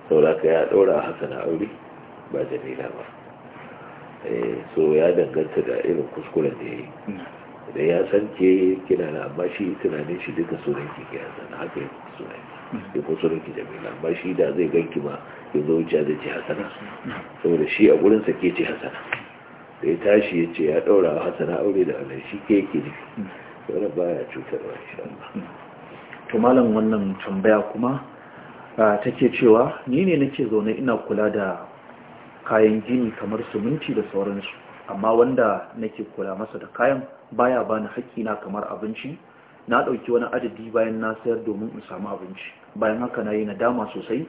sauraka ya ɗaura hasana aure ba jamila ba Eh, so ya danganta da irin kuskuren da ya yi da ya san ke kina na amma shi tunanin shi duka sunan ki ke hasana haka ya fi sunan ki ko sunan ki jamila amma shi da zai ganki ma ya zo wuce da ce hasana saboda shi a gurinsa ke ce hasana da ya tashi ya ce ya daura wa hasana aure da wannan shi ke yake nufi wani baya cutarwa insha Allah to malam wannan tambaya kuma ah, take cewa ni ne nake zaune ina kula da kayan gini kamar suminti da sauransu amma wanda nake kula masa da kayan baya bani haƙƙina kamar abinci na ɗauki wani adadi bayan na sayar domin in samu abinci bayan haka na yi nadama sosai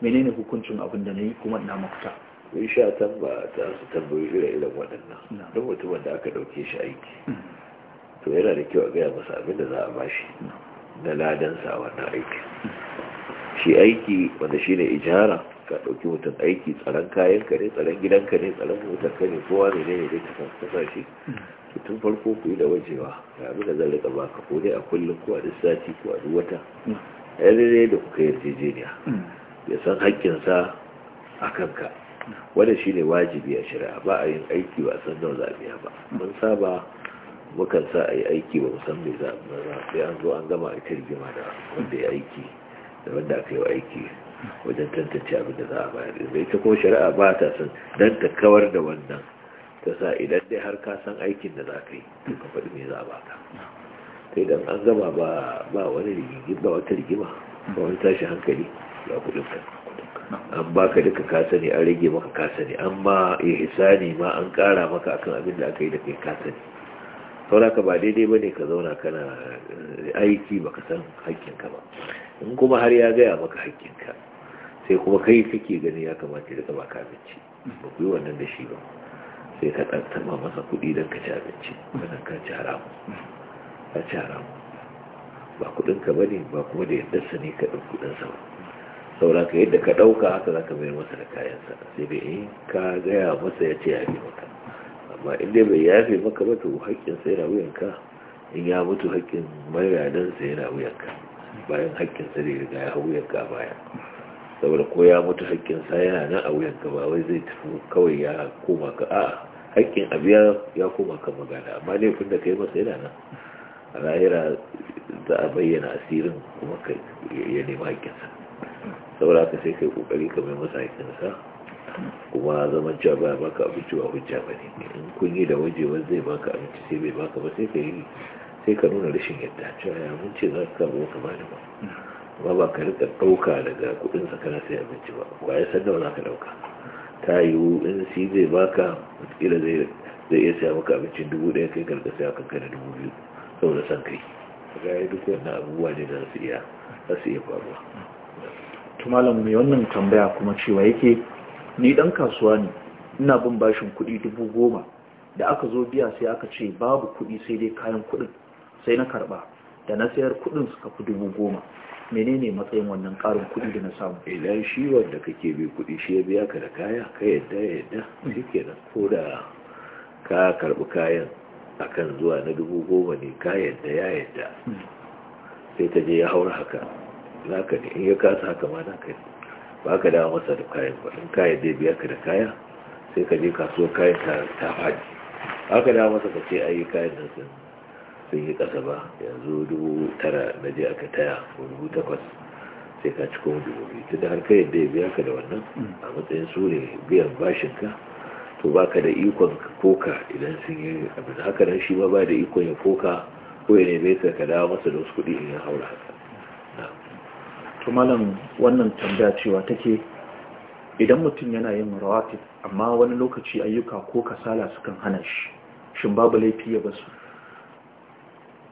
menene hukuncin abin da na yi kuma ina mafita in sha tamba ta su tambayi ire-iren waɗannan don mutum da aka ɗauke shi aiki mm. to yana da kyau a gaya masa abin da za a bashi na ladansa sa wannan aiki mm. shi aiki wanda shi ne ijara ka ɗauki mutum aiki tsaron kayan ka ne tsaron gidanka ne tsaron motar ka ne kowa ne ne ne ka kasa shi tun farko ku yi da wajewa ga abin da zan rika baka ko dai a kullum ko a duk sati ko a duk wata ne da kuka yarjejeniya ya san haƙƙinsa a kanka wanda shine wajibi a shari'a ba a yin aiki ba a san nawa ba mun saba mukan sa a yi aiki ba musan za a sai an zo an gama a kirgima da wanda ya aiki da wanda aka yi aiki wajen tantance abin da za a bayar ta ko shari'a ba ta san dan ta kawar da wannan ta sa idan dai har ka san aikin da za ka yi to ka faɗi mai za a ka. ta idan an gama ba wani rigigi ba wata rigima ba wani tashi hankali ya kuɗin ka an ka duka kasani an rage maka kasani. an ma hisani ma an kara maka akan abin da aka yi da kai kasani. Sauna ka ba daidai ba ne ka zauna kana eh, aiki baka san hakkinka ba in kuma har ya gaya maka hakkinka sai kuma kai kake gani ya kamata da ba ka ba ku yi wannan da shi ba sai ka ɗantama masa kuɗi don ka ci abinci wannan ka ci haramu ka ci haramu ba kuɗinka ba ne ba kuma da yadda ne ka kuɗin kuɗinsa ba saura ka yadda ka ɗauka haka za ka mayar masa da kayansa sai dai in ka gaya masa ya ce ya fi maka amma in dai bai ya fi maka ba to haƙƙin sai na wuyanka in ya mutu haƙƙin mai radansa yana wuyanka bayan haƙƙin sai riga ya hau wuyanka baya saboda ko ya mutu haƙƙinsa yana nan a wuyan gaba wai zai tafi kawai ya koma ka a haƙƙin abu ya koma ka magana amma ne kun da ka yi masa yana nan a lahira za a bayyana asirin kuma ka ya nema haƙƙinsa saboda ka sai kai ƙoƙari ka mai masa sa kuma zaman cewa ba baka abinci ba hujja ba ne in kun yi da waje wani zai baka abinci sai bai baka ba sai ka yi sai ka nuna rashin yadda cewa ya mun ce za ka kawo ba ka ba ba ba ka rika dauka daga sa kana sai abinci ba kwaye ya san za ka ɗauka ta yiwu in si zai baka kila zai iya sai maka abincin dubu daya kai ka sai kanka da dubu biyu saboda san kai ga ya duk wanda abubuwa ne da su iya za su iya faruwa to malam mai wannan tambaya kuma cewa yake ni dan kasuwa ne ina bin bashin kudi dubu goma da aka zo biya sai aka ce babu kudi sai dai kayan kudin sai na karba da na sayar kudin suka fi dubu goma menene matsayin wannan karin kudi da na samu idan shi wanda kake bi kuɗi shi ya biya ka da kaya ka yadda ya yadda mm. shi kenan ko da ka karɓi kayan akan zuwa na dubu goma ne ka yadda ya yadda mm. sai ta je ya haura haka ka ne in ya kasa haka ma ka ne ba ka dawo masa da kayan ba in kayan dai biya ka da kaya sai ka je kasuwar kayan ta faɗi ba ka dawo masa ka ce ayi kayan nan sun sun yi ƙasa ba yanzu dubu tara na je aka taya ko dubu takwas sai ka ci kuma dubu biyu tunda har kai yadda ya biya ka da wannan a matsayin su ne biyan bashin ka to ba ka da ikon koka idan sun yi abin haka nan shi ma ba da ikon ya koka ko ya neme ka ka dawo masa da wasu kuɗi in ya haura haka to malam wannan tambaya cewa take idan mutum yana yin rawatib amma wani lokaci ayyuka ko kasala sukan hana shi shin babu laifi ya basu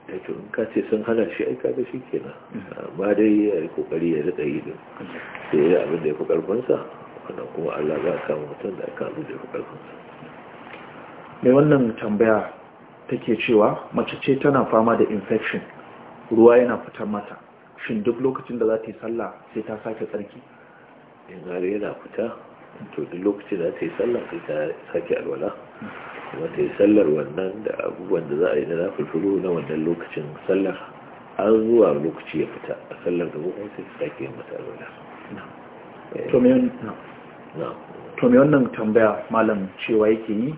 da eh, to in ka ce sun hana shi aika da shi kenan amma dai ya yi kokari ya riƙa yi din sai ya abin da ya fi ƙarfinsa, wannan kuma Allah za a kama mutum da aka abin da ya fi ƙarfinsa. mai wannan tambaya take cewa mace ce tana fama da infection ruwa yana fitar mata shin duk lokacin da za ta yi sallah sai ta sake tsarki in yana fita to duk lokacin da ta yi sallah sai ta sake alwala wata yi sallar wannan da abubuwan da za a yi na nafulfulu na wannan lokacin sallar an zuwa lokaci ya fita a sallar da kuma sai su sake yin mata alwala to wannan tambaya malam cewa yake yi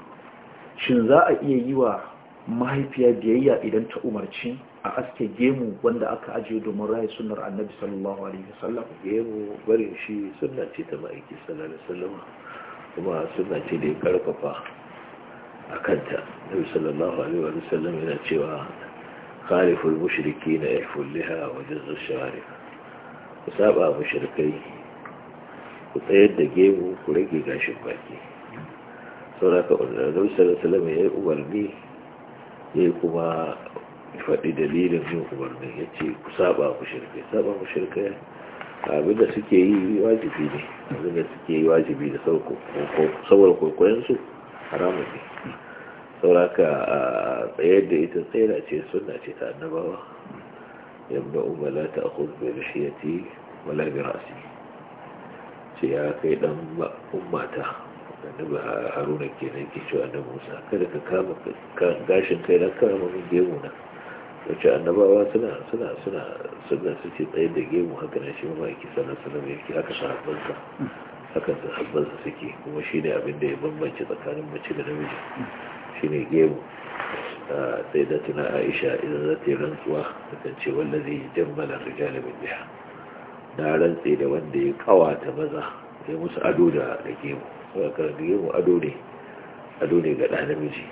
shin za a iya yi wa mahaifiya biyayya idan ta umarci a aske gemu wanda aka ajiye domin rayu sunar annabi sallallahu alaihi wasallam gemu barin shi sunna ce ta ma'aiki sallallahu alaihi wasallam kuma sunna ce da ya karfafa a kanta nabi sallallahu alaihi wa sallam yana cewa khaliful mushriki na yahful liha wa jazzar shawari ku saba mushrikai ku tsayar da gemu ku rage gashin baki sauraka nabi sallallahu alaihi wa sallam ya yi umarni ya kuma faɗi dalilin yin umarni ya ce ku saba mushrikai saba mushrikai abin da suke yi wajibi ne abin da suke yi wajibi da saboda kwaikwayon su haramun ne sauraka a tsayar da ita tsayar ce suna ce ta annabawa yadda umala ta akwai rishiyati wala bi rasi ce ya kai dan ummata annabi haruna kenan ke cewa da musa kada ka kama gashin kai na kama min gemu na wacce annabawa suna suna suna suna ce tsayar da gemu haka na shi ma yake suna mai yake haka sahabbansa haka sahabbansa suke kuma shi ne abin da ya bambanci tsakanin mace da namiji shine gemu ah, sai da tuna aisha idan za ta yi rantsuwa takan ce wallazi zai jammalar rijali na rantse da wanda ya kawata maza ya musu ado da gemu suka kara gemu ado ne ado ne ga ɗan namiji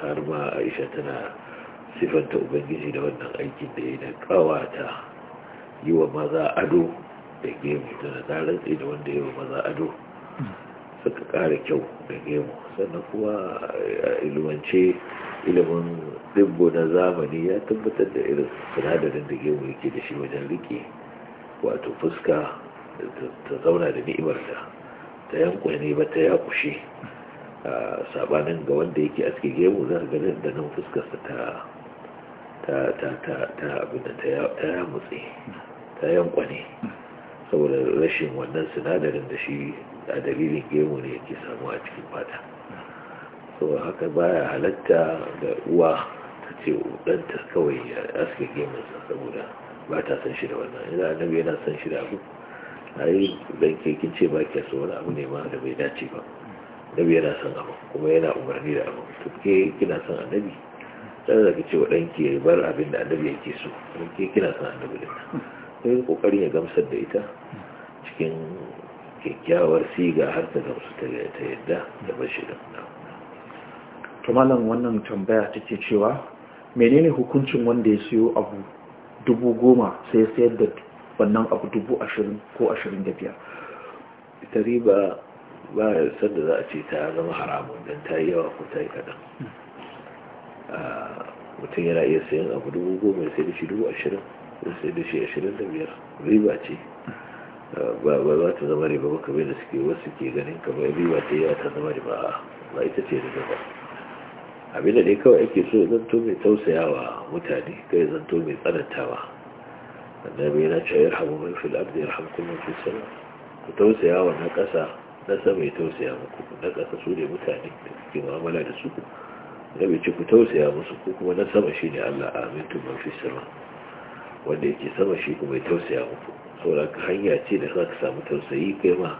har ma aisha tana sifanta ubangiji da wannan aikin da ya kawa kawata yi wa maza ado da gemu tana na rantse da wanda ya wa maza ado suka kara kyau da gemu sannan kuma ilimance ilimin dubbo na zamani ya tabbatar da irin sinadarin da gemu yake da shi wajen rike wato fuska ta zauna da ni'imarta ta ne ba ta ya a sabanin ga wanda yake aske gemu za ga da nan fuskarsa ta ta ta ta ta abinda ta mutse ta ne saboda rashin wannan sinadarin da shi da dalilin gemu ne yake samu a cikin fata so haka baya halatta ga uwa ta ce ɗanta kawai ya aske gemunsa saboda ba ta san shi da wannan yana annabi yana san shi da abu a yi ɗan kekin ce ba ke so wani abu ne ma da bai dace ba annabi yana san abu kuma yana umarni da abu to ke kina san annabi sai da kace wa ɗan ke bar abin da annabi yake so ke kina san annabi din sai kokari ya gamsar da ita cikin kyakkyawar siga har ta gamsu ta yadda da bashirin tumalan wannan tambaya ta ke cewa menene hukuncin wanda ya siyo abu dubu goma sai sayar da wannan abu dubu ashirin ko ashirin da biyar ita riba ba ya da za a ce ta zama haramun don ta yi yawa ko ta yi kaɗan ah, mutum yana iya sayan abu dubu goma sai da shi dubu ashirin sai da shi ashirin da biyar riba ce ba za ta zama riba ba kamar da suke wasu ke ganin kamar riba ta yi ta zama riba ba ita ce da gaba. abin da ne kawai ake so zanto mai tausayawa mutane kai zanto mai tsanantawa bai yana cewa hamu mai fil ardi yarhamkum kuma fis sama ku tausayawa na kasa na sama ya tausaya muku na kasa su ne mutane da suke mu'amala da su na bai ce ku tausaya musu ko kuma na sama shi ne Allah amintu mafi sama wanda yake sama shi kuma ya tausaya muku ka hanya ce da za ka samu tausayi kai ma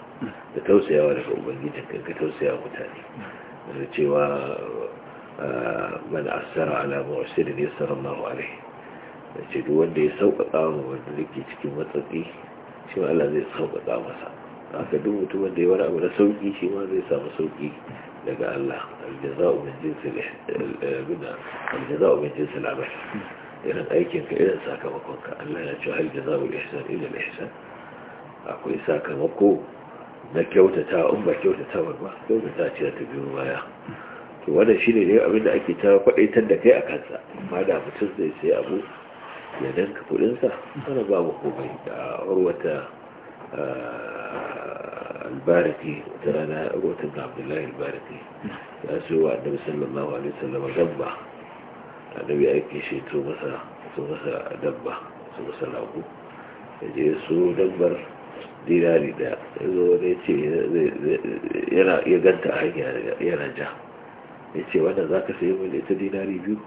da tausayawa daga ubangijin kai ka tausaya mutane da cewa ah, mana asara shirin ya sarar Allahu alaihi da ce duk wanda ya sauƙaƙa wa wanda ke cikin matsatsi shi ma Allah zai sauƙaƙa masa Aka duk mutum wanda ya wani abu na sauƙi shi ma zai samu sauƙi daga Allah aljaza'u min jinsil eh, eh, aljaza'u irin ka irin sakamakonka Allah ya ce hal jaza'ul ihsan ila al ihsan akwai sakamako na kyautata ba kyautata ba ba kyautata ce ta biyo baya to wannan shine ne abin da ake ta kwadaitar da kai a kansa amma da mutum zai sai abu ya danka kudin sa ba babu komai da urwata ah, albariki ta rana urwatan abdullahi albariki ya so wa annabi sallallahu alaihi wasallam gamba annabi aiki shi to masa su masa dabba su masa lagu ya je su dabbar dinari daya ya zo da ya ce ya ganta a hanyar yana ja ya ce wannan za ka sayi mai ita dinari biyu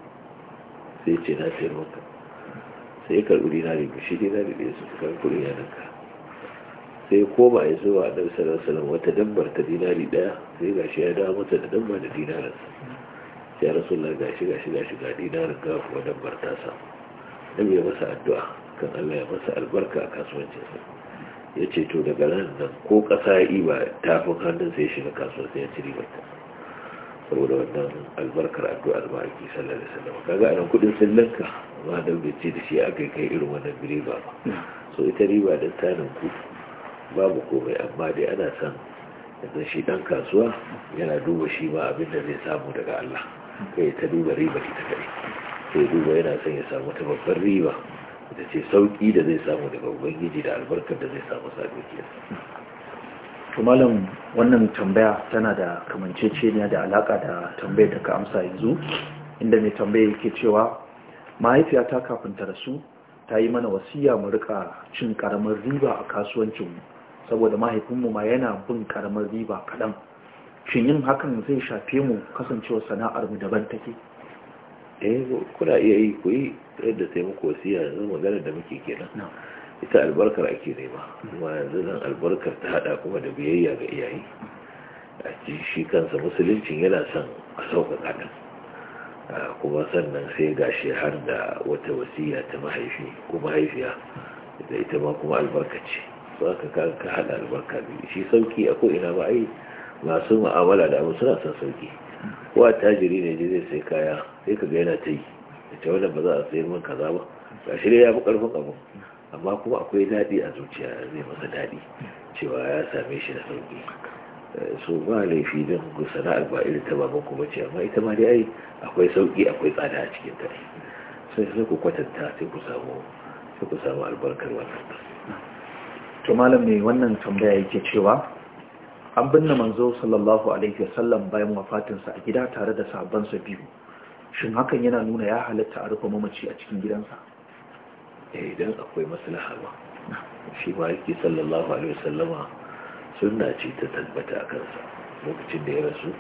sai ce na sayar maka sai karɓi dinari biyu shi dinari ɗaya su fi kuri kuɗin ka sai koma ya zuwa a ɗan sanar sanar wata dabbar ta dinari ɗaya sai ga shi ya dawo mata da dabba da dinarinsa ya rasulullah gashi gashi gashi ga dinarin gafu ta bartasa dan ya masa addu'a kan Allah ya masa albarka a kasuwancinsa ya ce to daga nan nan ko kasa yi ba fi hannun sai shiga sai ya ci ribar saboda wannan albarkar addu'a ba ake sallar da sallama kaga anan kudin sallanka ba da bai ce da shi akai kai irin wannan riba ba so ita riba da tsarin ku babu komai amma dai ana san da shi dan kasuwa yana duba shi ba abin da zai samu daga Allah ya ta duba riba ita kai sai duba yana son ya samu ta babbar riba da ce sauki da zai samu daga ubangiji da albarkar da zai samu sa to malam wannan tambaya tana da kamanceceniya da alaka da tambayar da ka amsa yanzu inda mai tambaya yake cewa mahaifiyata kafin ta rasu ta yi mana wasiya mu rika cin karamin riba a kasuwancinmu saboda mahaifinmu ma yana bin karamin riba kaɗan shin yin hakan zai shafe mu kasancewa sana'ar mu daban take eh kuna iya yi ku yi yadda sai muku wasiya yanzu maganar da muke kenan ita albarkar ake nema kuma yanzu nan albarkar ta hada kuma da biyayya ga iyaye a shi kansa musuluncin yana son a sauka kaɗan, kuma sannan sai ga shi har da wata wasiya ta mahaifi ko mahaifiya da ita ma kuma albarka ce, ba ka ka haɗa albarka biyu shi sauki a ina ba ai masu mu'amala da abu suna son sauki Kowa a tajiri ne je zai sai kaya sai ka gaina yana ta yi da ce wannan ba za a sayar min kaza ba ga shi ya fi karfin abu amma kuma akwai daɗi a zuciya zai masa daɗi cewa ya same shi da sauki eh, su ba laifi don sana'ar ba irin ta ba kuma ce amma ita ma dai akwai sauki akwai tsada a cikin ta sai sai ku kwatanta sai ku samu sai ku samu albarkar wannan to malam ne wannan tambaya yake cewa an binne manzo sallallahu alaihi wasallam bayan wafatinsa a gida tare da sahabbansa biyu shin hakan yana nuna ya halatta a rufe mamaci a cikin gidansa eh, idan akwai maslaha ba shi ma yake sallallahu alaihi wasallama sunna ce ta tabbata a kansa lokacin da ya rasu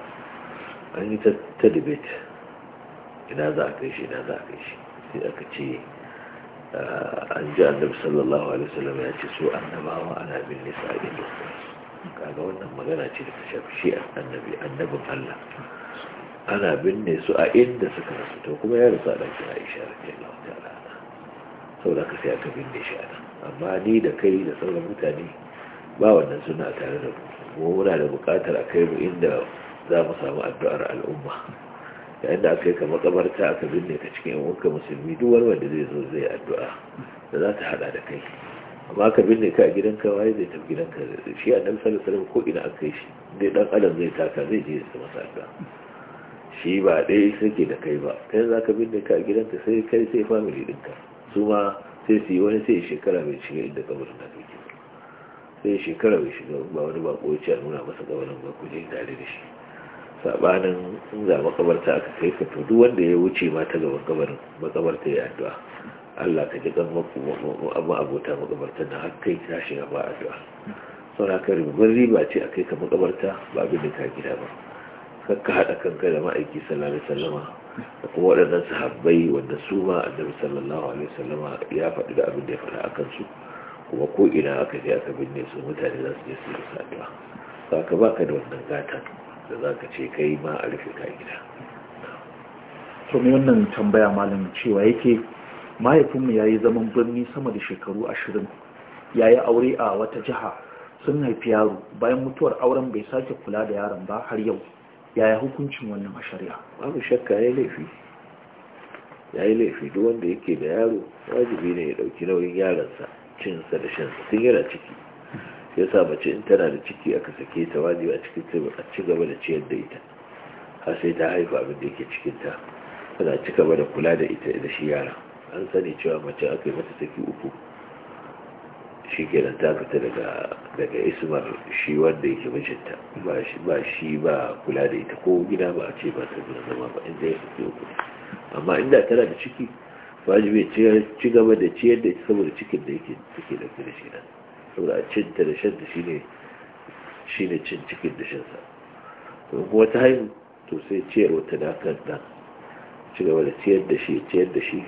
an yi ta debate ina za a kai shi ina za a kai shi sai aka ce ah, an ji annabi sallallahu alaihi wasallama ya ce so annabawa ana bin nisa a kaga wannan magana ce da ta shafi shi annabi annabin Allah ana binne su a inda suka rasu to kuma ya rasu a ɗakin Aisha radiyallahu ta'ala saboda ka sai aka binne shi a nan amma ni da kai da sauran mutane ba wannan suna tare da mu muna da buƙatar a kai mu inda za mu samu addu'ar al'umma yayin da aka yi ka makabarta aka binne ta cikin wanka musulmi duk wani wanda zai zo zai addu'a da za ta haɗa da kai amma ka binne ka a gidanka waye zai tafi gidanka shi a nan sallar sallar ko ina aka yi shi dai dan adam zai taka zai je su masa shi ba dai sake da kai ba kai za ka binne ka a gidanka sai kai sai family ka su ma sai su yi wani sai shekara mai shiga inda kabarin na kake sai shekara bai shiga ba wani ba ko a nuna masa kabarin ba ku je tare da shi sabanin in za makabarta aka kai ka to duk wanda ya wuce ma ta gaban kabarin makabarta ya addu'a Allah ka jigan mafi abu abota makabartar na haka yi tashi na ba addu'a Sauna ka rubar riba ce a kai ka makabarta ba abin da ka gida ba kakka haɗa kanka da ma'aiki sallallahu alaihi wasallama da kuma waɗannan sahabbai wanda su ma annabi sallallahu alaihi wasallama ya faɗi da abin da ya faɗa a kansu kuma ko ina aka je aka binne su mutane za su je su yi addu'a ba baka da wannan gatan da za ka ce kai ma a rufe ka gida. to wannan tambaya malam cewa yake mahaifinmu ya yi zaman birni sama da shekaru ashirin ya yi aure a wata jiha sun haifi yaro bayan mutuwar auren bai sake kula da yaron ba har yau yaya hukuncin wannan a shari'a babu shakka ya laifi ya yi laifi duk wanda yake da yaro wajibi ne ya ɗauki nauyin yaronsa cinsa da shansa sun yana ciki ya sa mace in tana da ciki aka sake ta wajibi a cikin a ci gaba da ciyar da ita har sai ta haifa abin da yake cikinta tana ci gaba da kula da ita da shi yaron an sani cewa mace aka yi mata saki uku shi kenan ta fita daga ismar shi wanda yake mijinta ba shi ba kula da ita ko gida ba a ce ba ta gina zama ba inda ya saki uku amma inda tana da ciki wajibi ci gaba da ciyar da saboda cikin da yake take da da shi nan saboda a cinta da shan da shine shine cin cikin da shan sa to kuma ta haihu to sai ciyar wata da kan ci gaba da ciyar da shi ciyar da shi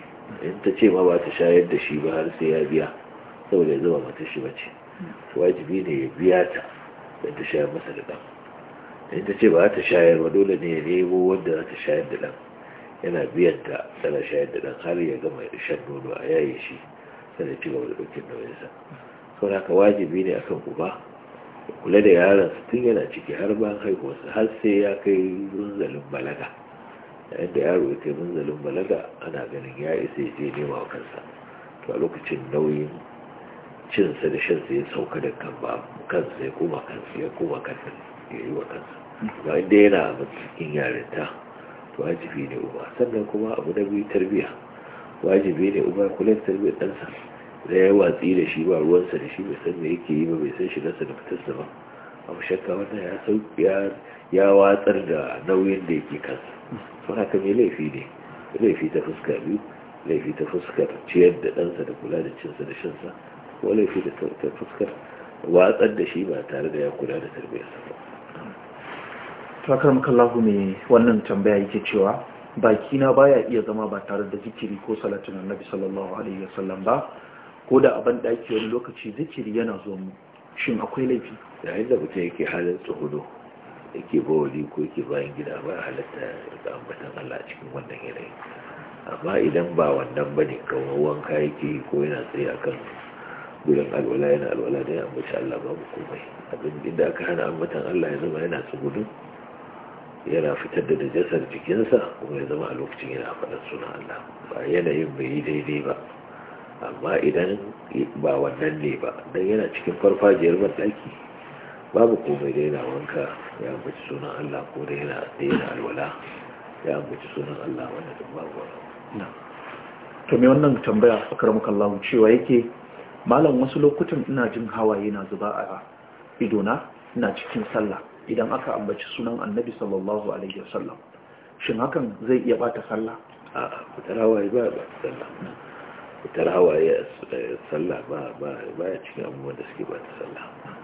ta ce ma ba ta shayar da shi ba har sai ya biya saboda ya zama mata shi bace wajibi ne ya biya ta da ta shayar masa da dan in ta ce ba ta shayar ba dole ne ya nemo wanda za ta shayar da dan yana biyan ta tana shayar da dan har ya gama shan nono a yayi shi sana ci gaba da wani sa sau haka wajibi ne akan uba kula da yaron tun yana ciki har ban haihuwarsa har sai ya kai zunzalin balaga yadda yaro ya kai munzalin balaga ana ganin ya isa ya je nema wa kansa to a lokacin nauyin cinsa da shansa ya sauka da kan ba kansa ya koma kansa ya koma kansa ya yi wa kansa ba inda yana matsakin yarinta to wajibi ne uba sannan kuma abu na biyu tarbiya wajibi ne uba kula da tarbiyyar ɗansa da ya watsi da shi ba ruwansa da shi bai san me yake yi ba bai san nasa da fitarsa ba abu shakka wannan ya ya watsar da nauyin da yake kansa suna ka mai laifi ne laifi ta fuska biyu laifi ta fuskar ciyar da ɗansa da kula da cinsa da shansa ko laifi da ta fuskar watsar da shi ba tare da ya kula da tarbiyyarsa ba tsakar makallahu mai wannan tambaya yake cewa baki na baya iya zama ba tare da zikiri ko salatin annabi sallallahu alaihi wasallam ba ko da abin daki wani lokaci zikiri yana zuwa mu shin akwai laifi yayin da mutum yake halin tsohudo yake bawali ko ke bayan gida ba halatta da ambatan Allah cikin wannan yanayi amma idan ba wannan ba ne kawai wanka yake ko yana tsaye kan gudun alwala yana alwala da ya ambaci Allah babu komai abin inda aka hana ambatan Allah ya zama yana tsugudu yana fitar da dajasar jikinsa kuma ya zama a lokacin yana faɗin sunan Allah ba yanayin bai yi daidai ba amma idan ba wannan ne ba don yana cikin farfajiyar mataki babu komai da yana wanka ya ambaci sunan Allah ko da yana da yana alwala ya ambaci sunan Allah wanda duk babu wani to me wannan tambaya a muka Allah cewa yake malam wasu lokutan ina jin hawaye na zuba a idona ina cikin sallah idan aka ambaci sunan annabi sallallahu alaihi wasallam shin hakan zai iya bata sallah a'a fitar hawaye ba ba sallah fitar hawaye sallah ba ba ba cikin abubuwan da suke bata sallah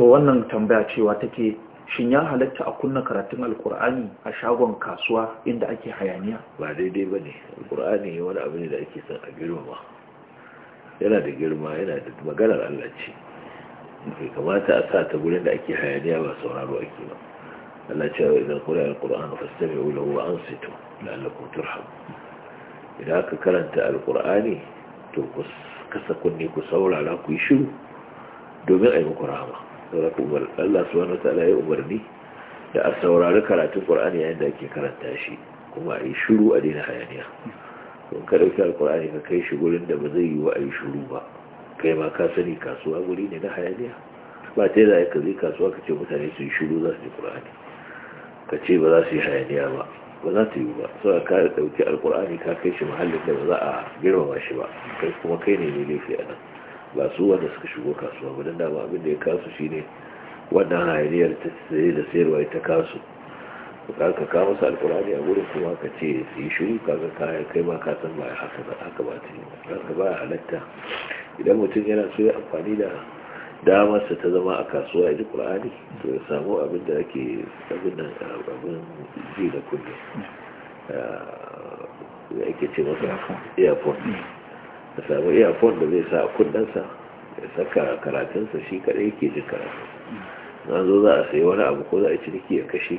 to wannan tambaya cewa take shin ya halatta a kunna karatun alkur'ani a shagon kasuwa inda ake hayaniya ba daidai ba ne alkur'ani wani abu ne da ake son a girma yana da girma yana da maganar allah ce bai kamata a sa ta gurin da ake hayaniya ba sauraro ake ba allah ce wa idan kura alkur'ani yau wula wa an sito la'allakun turham idan aka karanta alkur'ani to kasa kunne ku saurara ku yi shiru domin a yi muku rama. sauraka umar Allah subhanahu ya umarni da a saurari karatun Qur'ani yayin da ake karanta shi kuma a yi shiru a daina hayaniya don ka dauki alqur'ani ka kai shi gurin da ba zai yi wa a yi shiru ba kai ma ka sani kasuwa guri ne na hayaniya ba ta yi ka zai kasuwa ka ce mutane su yi shiru za su yi Qur'ani ka ce ba za su yi hayaniya ba ba za ta yi ba sau ka ɗauki Alƙur'ani ka kai shi muhallin da ba za a girmama shi ba kai kuma kai ne ne laifi a nan ba su wanda suka shigo kasuwa ba na dama abin da ya kasu shi shine wannan hayaniyar ta sai da sayarwa ita kasu ka ka kawo su alkurani a wurin kuma ka ce su yi shuru ga kayan kai ma ka san ba haka ba haka ba ta yi ka ba halatta idan mutum yana so ya amfani da damarsa ta zama a kasuwa ya ji kur'ani to ya samu abin da ake abin nan abin ji da ya ah, ake ce masa airport a iya earphone da zai sa a kundansa ya saka karatunsa shi kaɗai yake jin karatu na zo za a sayi wani abu ko za a ciniki ya kashe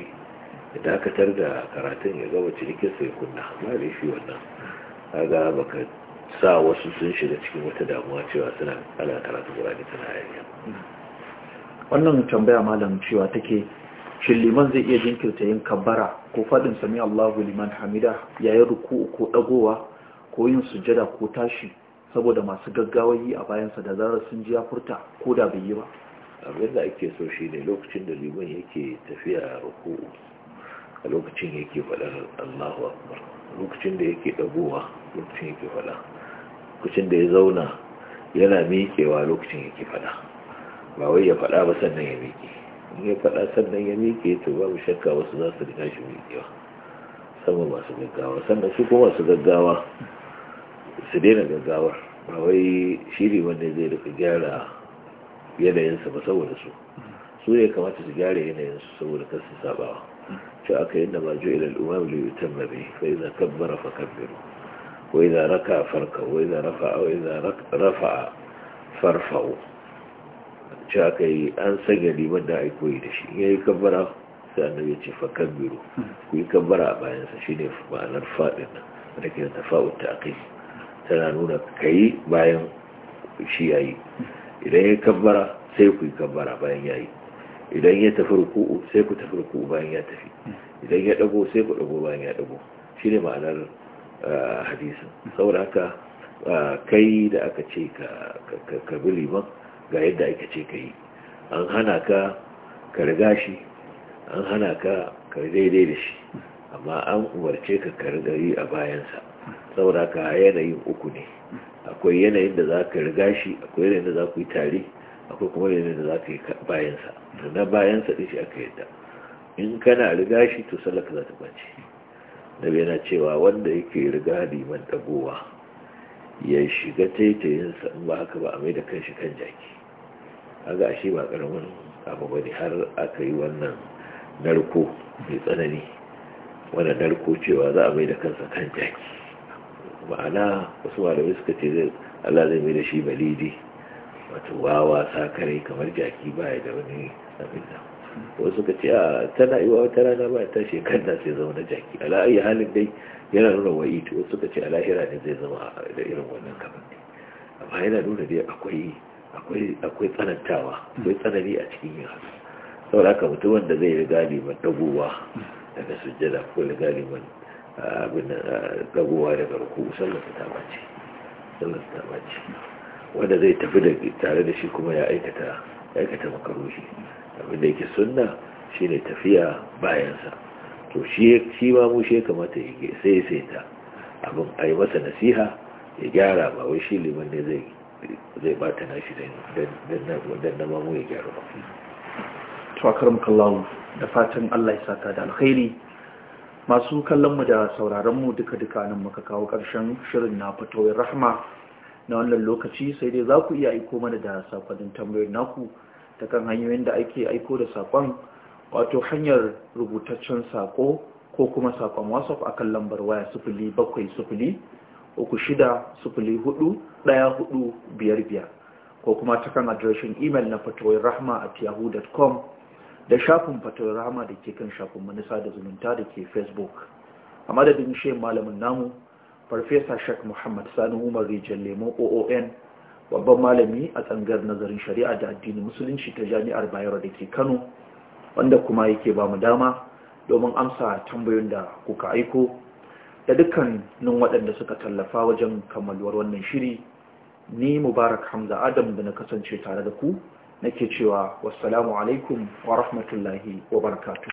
ya dakatar da karatun ya gaba cinikinsa ya kunna ba da shi wannan kaga baka sa wasu sun shiga cikin wata damuwa cewa suna ana karatun burani tana yaya wannan tambaya malam cewa take shin liman zai iya jinkirta yin kabbara ko faɗin sami Allahu liman hamida yayin ruku'u ko dagowa ko yin sujjada ko tashi saboda masu gaggawayi a bayansa da zarar sun ji ya furta ko da bai yi ba abin da ake so shi ne lokacin da liman yake tafiya ruku a lokacin yake faɗar allahu akbar lokacin da yake ɗagowa lokacin yake faɗa lokacin da ya zauna yana miƙewa lokacin yake faɗa ba wai ya faɗa ba sannan ya miƙe in ya faɗa sannan ya miƙe to babu shakka wasu za su riga shi miƙewa sama masu gaggawa sannan su kuma masu gaggawa su daina gaggawar ba wai shiri wanda zai rika gyara yanayinsa ba saboda su su ne kamata su gyara yanayinsu saboda kar su sabawa to aka yi da ma jo ila al'umam li yutamma bi fa idza kabbara fa kabbiru wa idza raka farka wa idza rafa'a wa idza rafa farfa'u ce aka yi an sanya liman da ai koyi da shi ya yi kabbara sai annabi ya ce fa kabbiru ku yi kabbara a bayansa shine ma'anar fadin da ke da tafa'ut ta'qi tana nuna ka yi bayan shi ya yi idan ya kabbara sai ku yi kabbara bayan ya yi idan ya tafi ruku'u sai ku tafi ruku'u bayan ya tafi idan ya dago sai ku dago bayan ya dago shi ne ma'anar ah, hadisin saboda haka ah, kai da aka ce ka bi liman ga yadda aka ce ka yi an hana ka ka shi an hana ka ka daidai da shi amma an umarce ka ka yi a bayansa saboda ka yanayin uku ne akwai yanayin da za ka riga shi akwai yanayin da za ku yi tare akwai kuma yanayin da za ka yi bayansa da na bayansa ɗin shi aka yadda in kana riga shi to salaka za ta bace nabi yana cewa wanda yake riga liman dagowa ya shiga taitayinsa in ba haka ba a mai da kanshi kan jaki kaga ba karamin abu har aka yi wannan narko mai tsanani wannan narko cewa za a mai da kansa kan jaki ma'ana wasu malamai suka ce zai Allah zai mai da shi balidi wato wawa sakare kamar jaki ya da wani abin da wasu suka ce a tana iwa wata rana ba ta shekar da sai zama na jaki ala ayi halin dai yana nuna wa'i to wasu suka ce a lahira ne zai zama da irin wannan kamar ne amma yana nuna dai akwai akwai akwai tsanantawa akwai tsanani a cikin yin haka saboda haka mutum wanda zai yi galiban dagowa daga sujjada ko riga galiban. abin eh, daga ruku sallar ta bace wanda zai tafi da tare da shi kuma ya aikata aikata makaruhi abin da yake sunna ne tafiya bayansa to shi shi ma mu shi kamata ke sai sai ta abin ai masa nasiha ya gyara ba wai shi liman ne zai zai bata nashi dan dan mu ya gyara ba to akaram da fatan Allah ya saka da alkhairi masu kallonmu da sauraronmu duka-duka nan muka kawo ƙarshen shirin na fitowar rahama na wannan lokaci sai dai za ku iya aiko mana da sakonin tambayoyin naku ta kan hanyoyin da ake aiko da sakon wato hanyar rubutaccen sako ko kuma sakon a kan lambar waya sifili bakwai uku shida sifili hudu ɗaya hudu biyar biyar ko kuma ta kan adireshin imel na fitowar rahama at yahoo.com da shafin fatar rahama da ke kan shafin manisa da zumunta da ke facebook a madadin shi malamin namu farfesa shak muhammad sani umar rijiyar lemo oon babban malami a tsangar nazarin shari'a da addinin musulunci ta jami'ar bayero da ke kano wanda kuma yake ba mu dama domin amsa tambayoyin da kuka aiko da dukkanin waɗanda suka tallafa wajen kammaluwar wannan shiri ni mubarak hamza adam da na kasance tare da ku nake cewa wassalamu alaikum wa rahmatullahi wa barakatuh